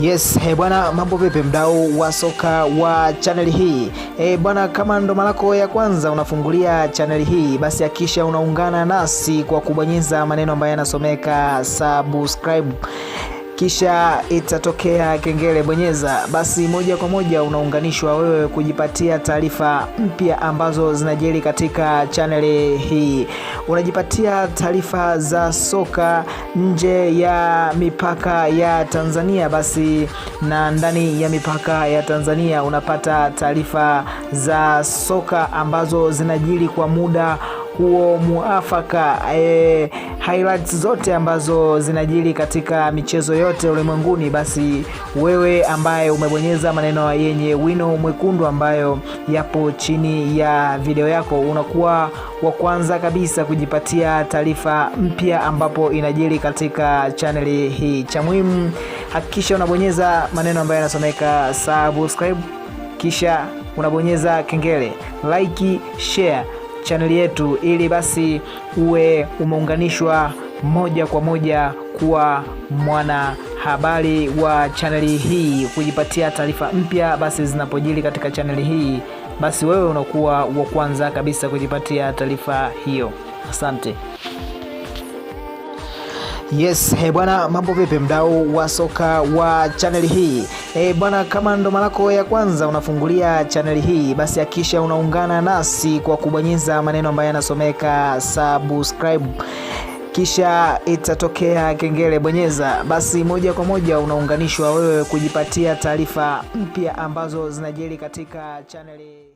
Yes, he bwana, mambo vipi mdau wa soka wa chaneli hii? E bwana, kama ndo mara yako ya kwanza unafungulia chaneli hii, basi hakisha unaungana nasi kwa kubonyeza maneno ambayo yanasomeka subscribe kisha itatokea kengele, bonyeza basi, moja kwa moja unaunganishwa wewe kujipatia taarifa mpya ambazo zinajiri katika chaneli hii unajipatia taarifa za soka nje ya mipaka ya Tanzania, basi na ndani ya mipaka ya Tanzania unapata taarifa za soka ambazo zinajiri kwa muda huo muafaka e, highlights zote ambazo zinajiri katika michezo yote ulimwenguni, basi wewe ambaye umebonyeza maneno yenye wino mwekundu ambayo yapo chini ya video yako, unakuwa wa kwanza kabisa kujipatia taarifa mpya ambapo inajiri katika chaneli hii. Cha muhimu hakikisha unabonyeza maneno ambayo yanasomeka subscribe, kisha unabonyeza kengele, like, share chaneli yetu, ili basi uwe umeunganishwa moja kwa moja kuwa mwana habari wa chaneli hii, kujipatia taarifa mpya basi zinapojili katika chaneli hii, basi wewe unakuwa wa kwanza kabisa kujipatia taarifa hiyo. Asante. Yes, he bwana, mambo vipi mdau wa soka wa chaneli hii? E bwana, kama ndo mara yako ya kwanza unafungulia chaneli hii, basi hakisha unaungana nasi kwa kubonyeza maneno ambayo yanasomeka subscribe kisha itatokea kengele, bonyeza basi, moja kwa moja unaunganishwa wewe kujipatia taarifa mpya ambazo zinajiri katika chaneli.